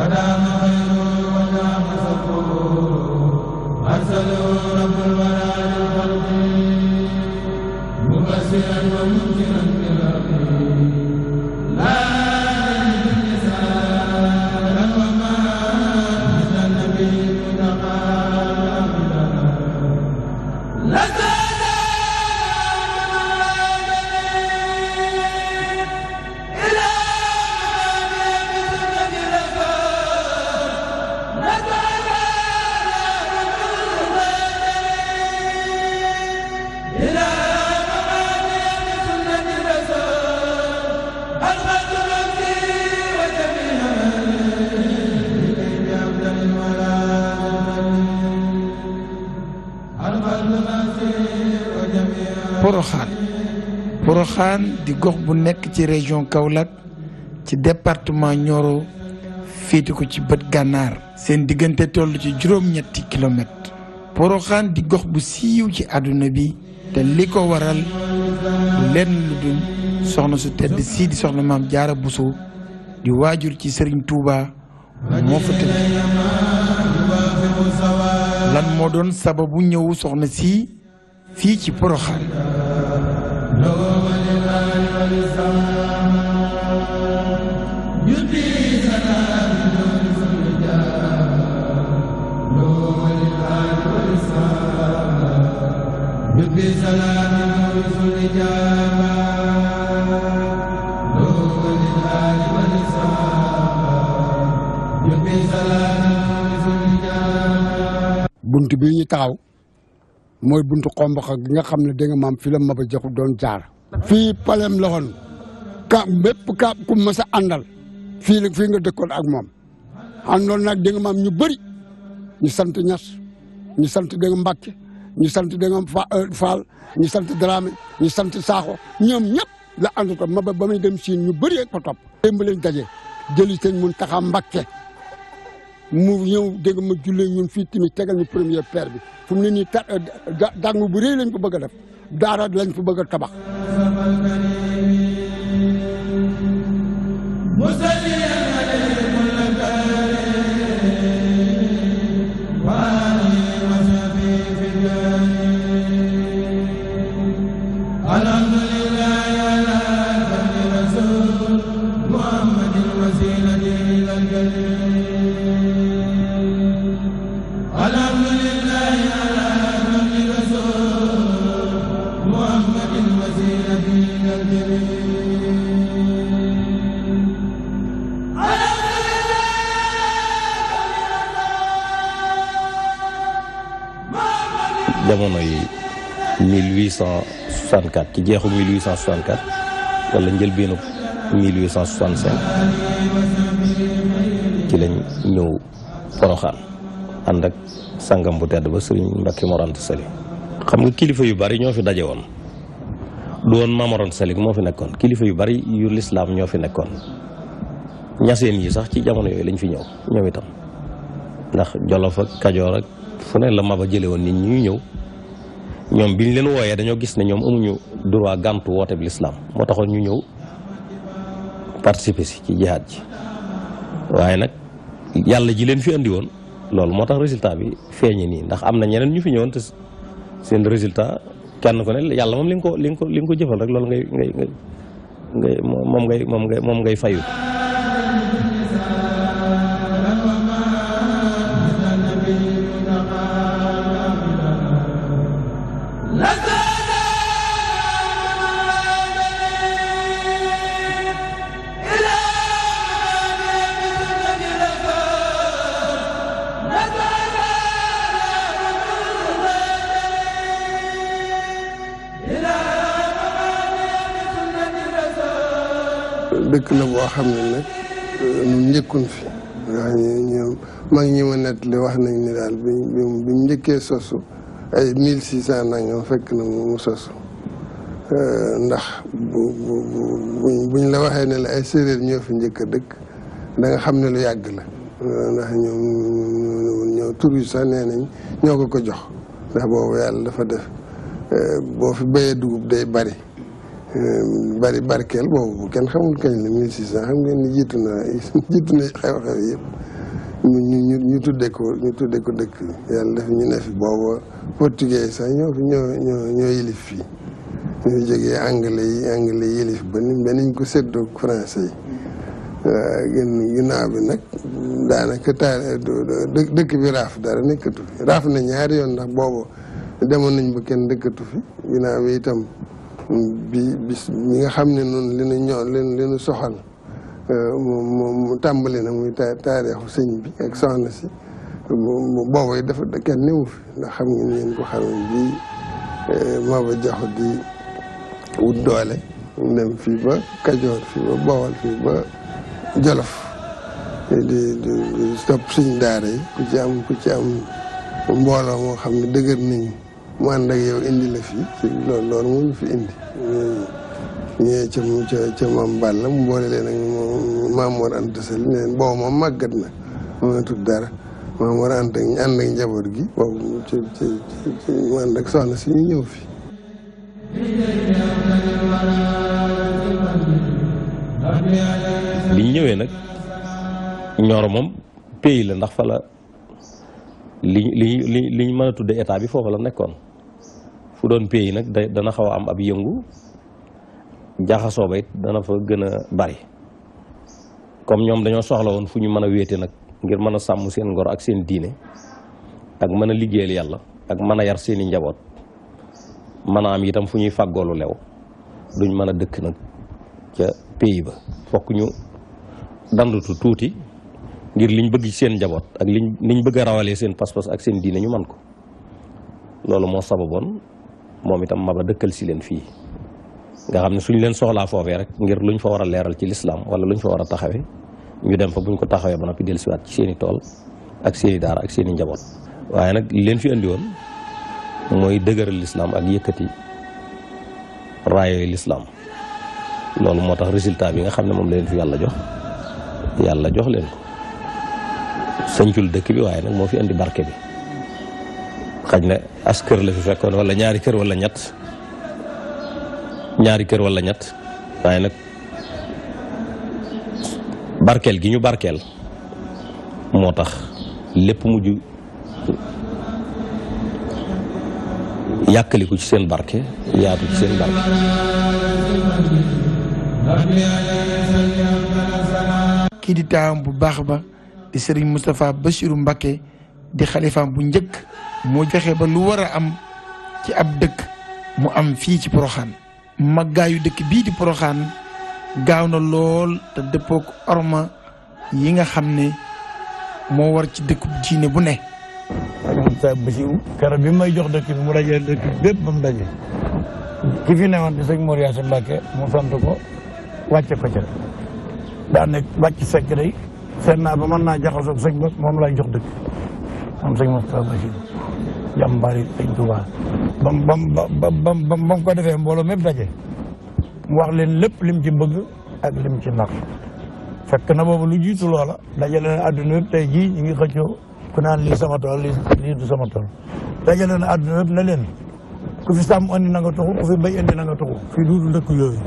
ودام خير ودام صبره أرسله رب الورى للخلق مبشرا ومنذرا Poroxaan Poroxaan di gox bu nekk ci région Kaolack ci departement Nioro féete ko ci bët gànnaar seen diggante toll ci juróom-ñetti kilomètres Poroxaan di gox bu siiw ci àdduna bi te li ko waral lenn lu dul soxna su tedd sii di soxna maam Jaara Buso di waajur ci Sëriñ Tuuba moo fa tëdd lan moo doon sababu ñëwu soxna sii fii ci Porokhane bunt bi ñu taxaw moy buntu xombaxa gi nga xamne de nga mam fi la Maba Jaxu don jaar. fi palem la hon ka bépp ka ku ma sa andal fi la fii nga dekkon ak mom andon nak de nga mam ñu bari ñu sant ñass ñu sant de nga mbacke ñu sant de nga Faal euh, ñu sant drame ñu sant saxo ñom ñep la andu ko Maba ba dem ci ñu bëri ko top démb lañ daje jëli mun taxam mbacke mu ñëw dégg ma jullee ñun fii tamit tegal ñu première pierre bi fu mu ne nii ta dàngu bu rëy lañ ko bëgg a def daara lañ ko bëgg a tabax. ci jeexu 1864 wala njëlbeenu 1865 ci lañ ñëw Poroxaan ànd ak sangam bu tedd ba Serigne Mbacke Mor xam nga kilifa yu bari ñoo fi daje woon du woon Mamoroon Salik moo fi nekkoon kilifa yu bari yu lislaam ñoo fi nekkoon ñaseen yi sax ci jamono yooyu lañ fi ñëw ñoom itam ndax jolofa ak Kajoor ak fu ne la maba jële woon nit ñi ñëw ñoom biñ leen wooyee dañoo gis ne ñoom amuñu droit gàmtu woote bi lislaam moo taxoon ñu ñëw participer si ci jihaad ji waaye nag yàlla ji leen fi andi woon loolu moo tax résultat bi feeñe nii ndax am na ñeneen ñu fi ñëwoon te seen résultat kenn ko ne yàlla moom li nga ko li nga ko li nga ko jëfal rek loolu ngay ngay ngay moom ngay moom ngay moom ngay fayu dëkk na boo xam ne nag euh, ñun njëkkuñ fi ndax ñoom mag ñi ma nett wax nañ ni daal bi bi njëkkee sosu ay mille six cent nangam fekk na mu sosu euh, ndax bu bu buñ la waxee ne la ay séeréer ñoo fi njëkk a dëkk da xam ne lu yàgg la euh, ndax ñoom ñoo tur yi sax nee nañ ñoo ko ko jox ndax boobu yàlla dafa def boo fi bayee dugub de bari bari barkeel boobu kenn xamul kañ la 1600 xam ngeen jiitu na jiitu na xew-xew yëpp ñu ñu ñu tuddee ko ñu tuddee dëkk yàlla def ñu ne fi booba portugais sax ñoo fi ñoo ñoo yilif fii. ñu fi anglais yi anglais yi yilif ba ni ba niñ ko séddoo français yi. gën ginnaaw bi nag daanaka taal dëkk bi raaf dara nekkatu fi raaf na ñaari yoon ndax boobu demoon nañ bu kenn dëkkatu fi ginnaaw bi itam. bi bis ñi nga xam ne noonu li nu ñoo li li nu soxal euh, mu mu tàmbali na muy taarixu sëñ bi ak soxna si mu boobu yi dafa kenn ni mu fi ndax xam ngeen ngeen ko xam ne bii euh, maba joxu di wut doole dem fii ba kajoor fii ba boowal fii ba jolof di di di sëñ daara yi ku ci am ku ci am mbooloo moo xam ne dëgër nañu mu ànd ak yow indi la fii ci loolu loolu moo ñu fi indi ñëwee ca ca ca maam Balla mu boole leen ak maam Mor Anta Sali ne leen boobu moom màggat na mënatul dara maam Mor Anta ñu ànd ak njaboot gi boobu ci ci ci mu ànd ak soxna si ñu ñëw fi biñ ñëwee nag ñoro moom pays la ndax fa la li li li ñu mën a tudde état bi foofu la nekkoon fu doon pays nag dana xaw a am ab yëngu jaxasoo ba it dana fa gën a bari comme ñoom dañoo soxla woon fu ñu mën a wéete nag ngir mën a sàmm seen ngoro ak seen diine ak mën a liggéeyal yàlla ak mën a yar seeni njaboot mën a am itam fu ñuy fàggoolu lew duñ mën a dëkk nag ca pays ba fokk ñu dandutu tuuti ngir liñ bëgg seen njaboot ak liñ liñ bëgg a rawalee seen pas-pas ak seen diine ñu man ko loolu moo sababoon moom itam maba dëkkal si leen fii nga xam ne suñ leen soxlaa foofee rek ngir luñ fa war a leeral ci lislaam wala luñ fa war a taxawee ñu dem fa buñ ko taxawee ba noppi dellusiwaat ci seen i tool ak seen i ak seeni njaboot waaye nag li leen fi andi woon mooy dëgëral lislaam ak yëkkati raayooy lislaam loolu moo tax résultat bi nga xam ne moom la leen fi yàlla jox yàlla jox leen ko sañcul dëkk bi waaye nag moo fi andi barke bi xaj na as la fi fekkoon wala ñaari kër wala ñett ñaari kër wala ñett waaye nag barkeel gi ñu barkeel moo tax lépp mujj yàkkaliku ci seen barke yaatu ci seen barke kii di taawam bu baax ba di sëriñ Moustapha Bassirou Mbacké di xalifaam bu njëkk moo joxe ba lu war a am ci ab dëkk mu am fii ci poroxaan maggaayu dëkk bii di poroxaan gaaw na lool te dëppook orma yi nga xam ne moo war ci dëkk diine bu ne sa basiw kara bi may jox dëkk bi mu dajee ba mu daje ki fi newoon di sëñ Mor Yaasin Mbàkke mu sant ko wàcce ko ca daan ne wàcc sekk day seet naa ba mën naa jaxasoog sëñ ba moom lay jox dëkk jàmbaari sëñ Tuubaa bam bam bam bam bam ko defee mbooloo mépp daje mu wax leen lépp lim ci bëgg ak lim ci nar fekk na boobu lu jiitu loola dajale na adduna yëpp tey jii ñu ngi xëccoo ku naan lii sama tool lii du sama tool dajale na adduna yëpp na leen ku fi sàmm andi na nga tuxu ku fi béy andi na nga tuxu fii duudu dëkk yooyu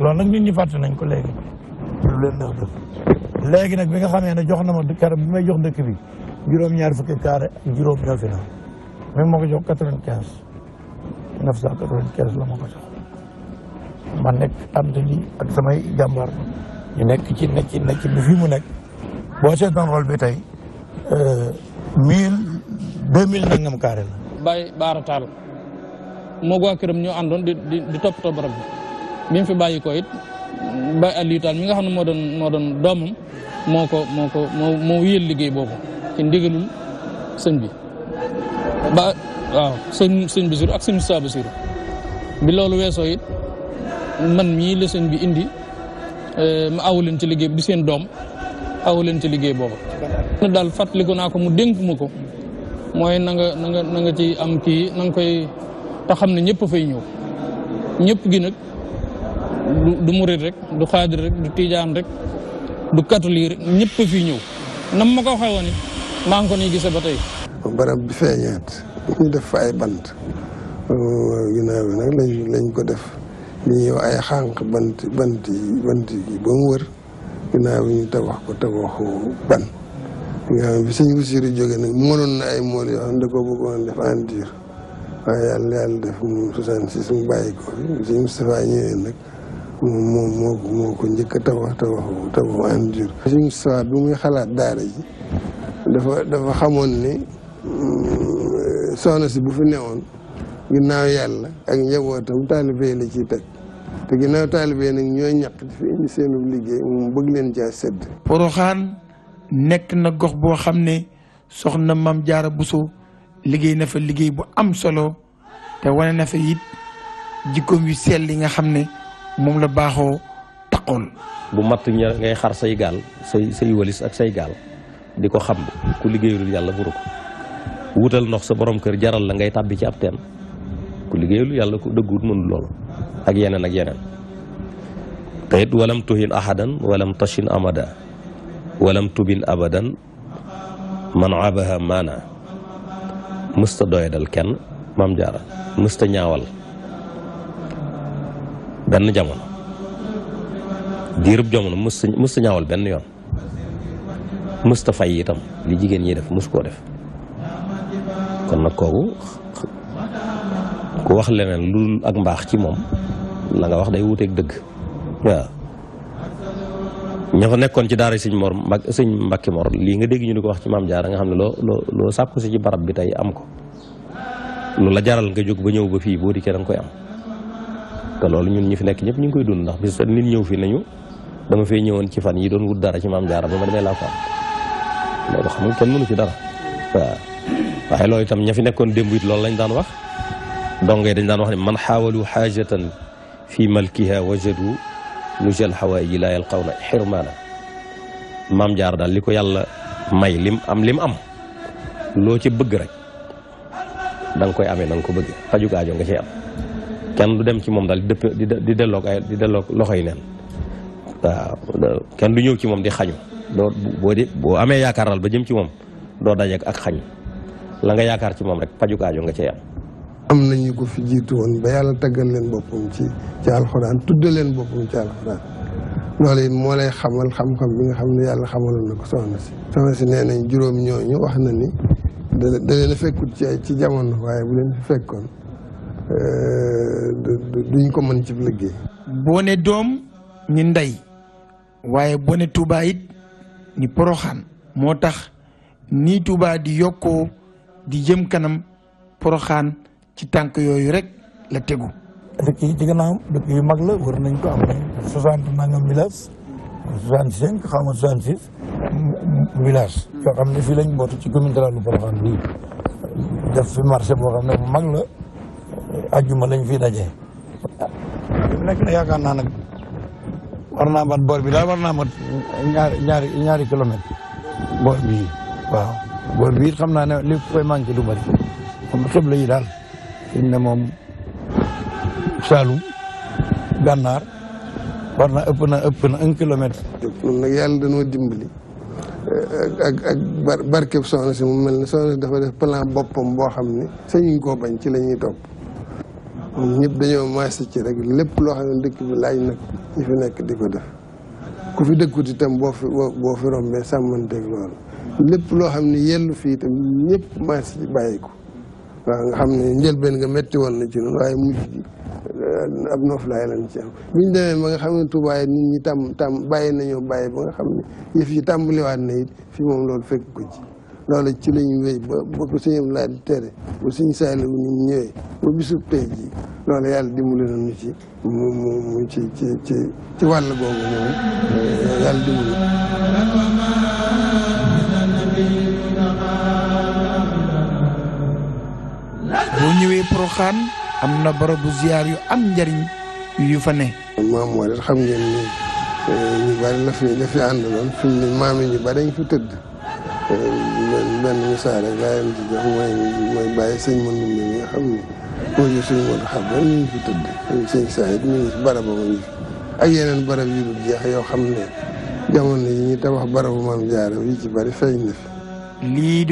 loolu nag nit ñi fàtte nañ ko léegi lu leen neex dëkk léegi nag bi nga xamee ne jox na ma keroog bi may jox dëkk bi juróom-ñaar fukki carré ak juróom ñoo même moo ko jox quatre-vingt-quinze neuf cent quatre-vingt-quinze la moo ko jox ma nekk am ji ak samay jàmbaar ñu nekk ci nekk ci nekk bi fii mu nekk boo seetoon rôle bi tey euh, mille deux mille nangam carré la. Baye moo waa këram ñoo àndoon di di fi bàyyi ko it Baye Aliou nga xam ne moo doon moo doon doomam moo ko moo ko liggéey boobu ci ndigalul sëñ ba waaw ba sëñ Basiru ak sëñ Moussa Basiru bi loolu weesoo it man mii la sëñ bi indi eh, ma aw ci liggéey bi di seen doom aw leen ci liggéey boobu. na daal naa ko mu dénk ko mooy na nga na nga ci am kii na nga koy te xam ne ñëpp fay ñëw ñëpp gi nag du murit rek du xaadir rek du tiijaan rek du katolik rek ñëpp fiy ñëw nam ma ko waxee woon maa ngi ko nii gisee ba tey. barab bi feeñaat ñu def fa ay bant ginnaaw bi nag lañ lañ ko def li ñuy ay xànq bant bant yi ba mu wër ginnaaw bi ñu tabax ko tabaxu ban nga xam ne bi suñ wusiri jóge nag na ay mool yoo xam da ko bëggoon def en moom moo ko njëkk a tabax tabaxu tabaxu en dur suñ Moustapha bi muy xalaat daara ji dafa dafa xamoon ni Mm, soxna si bu fi newoon ginnaaw yàlla ak njabootam taalibe la ciy teg te ginnaaw taalibe nag ñoo ñaq di fi indi seenu liggéey moom bëgg leen caa sedd. Poroxaan nekk na gox boo xam ne soxna Maam Jaara Buso liggéey na fa liggéey bu am solo te wane na fa it jikkoom yu sell yi nga xam ne moom la baaxoo taqool. bu matt ngay xar say gaal say say walis ak say gaal di ko xam ku liggéeyul yàlla buru ko. wutal ndox sa boroom kër jaral la ngay tàbbi ci ab teen ku liggéeyul yàlla ku dëgguwut mënul loolu ak yeneen ak yeneen te it walam tuhin ahadan walam tashin amada walam tubin abadan man abaha maana mësta doyadal kenn maam jaara mësta ñaawal benn jamono diirub jamono mës ñaawal benn yoon mës ta fay itam li jigéen ñi def mës def kon nag kooku ku wax leneen lu ak mbaax ci moom la nga wax day wuuteeg dëgg waaw ña fa nekkoon ci daara sëñ mor mbak sëñ mbakki mor lii nga dégg ñu di ko wax ci maam jaara nga xam ne loo loo loo sàkku si ci barab bi tey am ko loolu la jaral nga jóg ba ñëw ba fii boo di da nga koy am te loolu ñun ñi fi nekk ñëpp ñu ngi koy dund ndax bis nit ñëw fi nañu dama fee ñëwoon ci fan yi doon wut dara ci maam jaara ba ma ko waaye loolu itam ña fi nekkoon démb it loolu lañ daan wax dongay dañ daan wax ne man xaawalu xaajatan fi malkiha wajadu nujal xawaaji laa yalqawna xirmaana mam jaar daal li ko yàlla may lim am lim am loo ci bëgg rek da koy amee na ko bëgg faju aajo nga ci am kenn du dem ci moom daal di dëpp di delloog di delloog loxo yi neen waaw kenn du ñëw ci moom di xañu doo boo di boo amee yaakaar daal ba jëm ci moom doo dajeek ak xañ langa yaakaar ci moom rek pajukaajo nga cee am. am nañu ko fi jiitu woon ba yàlla taggal leen boppam ci ci alxuraan tudde leen boppam ci alxuraan loolu it moo lay xamal xam-xam bi nga xam ne yàlla xamaloon na ko soxna si. soxna si nee nañ juróom ñooñu wax na ni da a fekkut ci ci jamono waaye bu leen fi fekkoon euh, duñ ko mën ci liggéey. boo ne doom ñi ndey waaye boo ne Touba it poroxaan moo tax nii Touba di yokkoo. di jëm kanam poroxaan ci tànk yooyu rek la tegu. dëkk yi ci gannaaw dëkk yu mag la war nañ ko am na soixante nangam village soixante cinq xaw ma soixante six village yoo xam ne fii lañ mbootu ci commune rurale bu Porokhane bii def fi marché boo xam ne bu mag la ajjuma lañ fi daje. nekk na yaakaar naa nag war naa mat boor bi daal war naa mat ñaari ñaari ñaari kilomètre waaw boor bi xam naa ne li koy manqué du bëri moom xibla lañuy daal fi moom Saalum gànnaar war na ëpp na ëpp na un kilomètre. ñun nag yàlla dañoo dimbali eh, ak ak bar barkeeb soxna si mu mel ne soxna si dafa def plan boppam boo xam ni sañuñ koo bañ ci la ñuy topp ñëpp dañoo maase rek lépp loo xam ne dëkk bi laaj nag ñu fi nekk di ko def ku fi dëkkut itam boo fi boo fi rombee sàmmanteeg loolu. lépp loo xam ne yellu fii itam ñëpp marché ci bàyyi ko waaw nga xam ne njëlbeen nga métti woon na ci noonu waaye mujj ji euh, ab noflaay lañ ci am bi ñu demee ba nga xam ne tubaay nit ñi tàmm tàmm bàyyi nañoo bàyyi na it fi moom loolu fekk ko ci loolu ci lañu wéy ba ba ko suñu laa yàlla dimbali nañu ci ci ci ci wàll boobu noonu yàlla dimbali poroxaan na barabu ziyaar yu am njariñ yu fa ne. maam Moor xam ngeen ni eh, ñu fi la fi mu maam yi fi tëdd. Eh, ba ñu ngi fi tëdd. sëñ saa yu yoo xam ne jamono yi ñuy tabax barabu maam jaara yi ci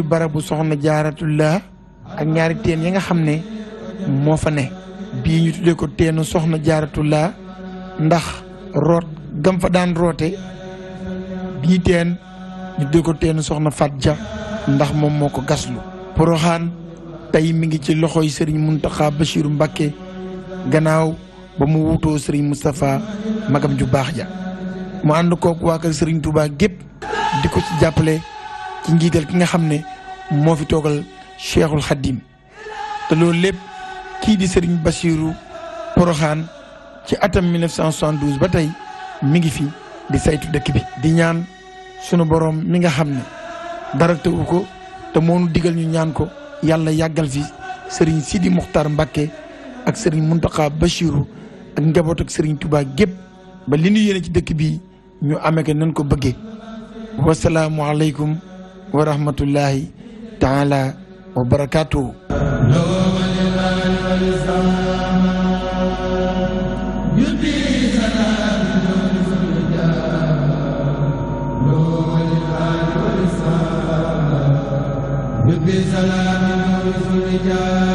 bari soxna jaaratullaa ak ñaari teen yi nga xam ne. moo fa ne bii ñu tuddee ko teenu soxna la ndax root gam fa daan roote bii teen ñu tuddee ko teenu soxna Fat Ja ndax moom moo ko gaslu poroxaan tey mi ngi ci loxoy sëriñ Muntaxa Bachiru Mbàkke gannaaw ba mu wutoo sëriñ Moustapha magam ju baax ja mu ànd kook waa sëriñ Touba gépp di ko ci jàppale ci njiital ki nga xam ne moo fi toogal Cheikhul Khadim te loolu lépp kii di Serigne bashiru Poroxaan ci atam 1972 ba tey mi ngi fi di saytu dëkk bi. di ñaan sunu borom mi nga xam ne dara tëwu ko te moonu digal ñu ñaan ko yàlla yàggal fi Serigne Sidi Muxtaar Mbacke ak Serigne Mountakha Bassirou ak njaboot ak Serigne Touba gépp ba li ñu yéene ci dëkk bi ñu amee ko nañ ko bëggee. wasalaamualeykum wa rahmatullahi taala wa barakaatu. bi salaam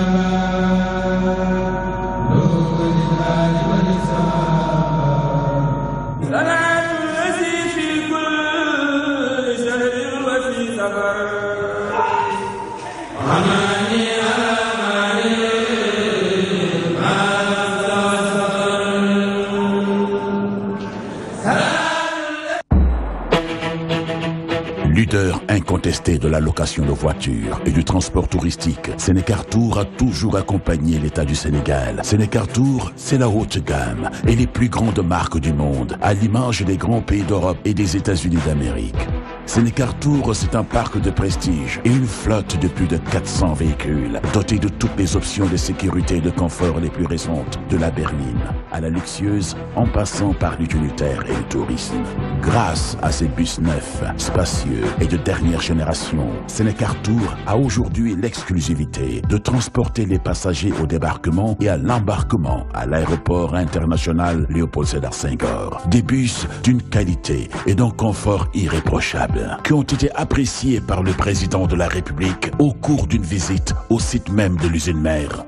la location de voitures et du transport touristique. Sénécartour a toujours accompagné l'État du Sénégal. Sénécartour, c'est la haute gamme et les plus grandes marques du monde, à l'image des grands pays d'Europe et des États-Unis d'Amérique. Sénécartour, c'est un parc de prestige et une flotte de plus de 400 véhicules, dotés de toutes les options de sécurité et de confort les plus récentes, de la berline à la luxueuse, en passant par l'utilitaire et le tourisme. Grâce à ces bus neufs, spacieux et de dernière génération, Sénécartour a aujourd'hui l'exclusivité de transporter les passagers au débarquement et à l'embarquement à l'aéroport international Léopold Sédar Senghor. Des bus d'une qualité et d'un confort irréprochable qui ont été appréciés par le président de la République au cours d'une visite au site même de l'usine mère.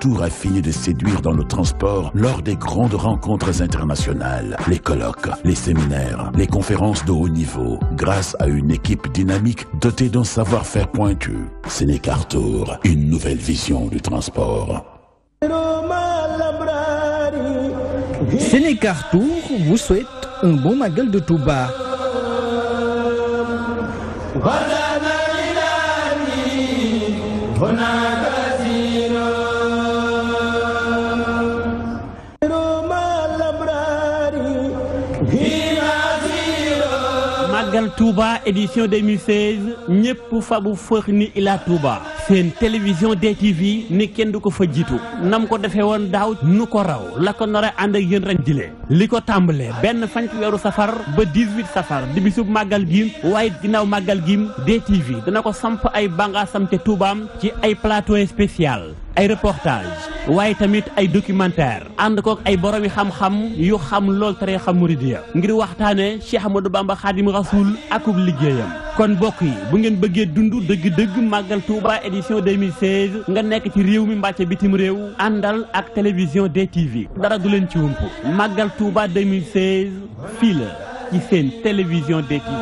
Tour a fini de séduire dans le transport lors des grandes rencontres internationales, les colloques, les séminaires, les conférences de haut niveau, grâce à une équipe dynamique dotée d'un savoir-faire pointu. C'est Tour, une nouvelle vision du transport. Tour vous souhaite un bon gueule de bas. Magal Touba édition 2016 pour Fourni vous ila Touba Se televizyon DTV ne ken do kou fejitou. Nam kou defen wan daout nou koraw. La kon nore ande gen renjile. Liko tamble, ben fankou euro safar, be 18 safar. Dibisouk magal gim, way dinaw magal gim DTV. Danakou sampou ay banga samte toubam, ki ay platou en spesyal. ay reportage waaye tamit ay documentaire ànd kook ay boromi xam-xam yu xam lool tariixa muridiya ngir waxtaane Cheikh Ahmadou Bamba Xaadim Rasuul akub liggéeyam kon mbokk yi bu ngeen bëggee dund dëgg-dëgg màggal Touba édition 2016 nga nekk ci réew mi mbàcce bitim réew àndal ak télévision DTV dara du leen ci wump màggal Touba 2016 fii la ci seen télévision DTV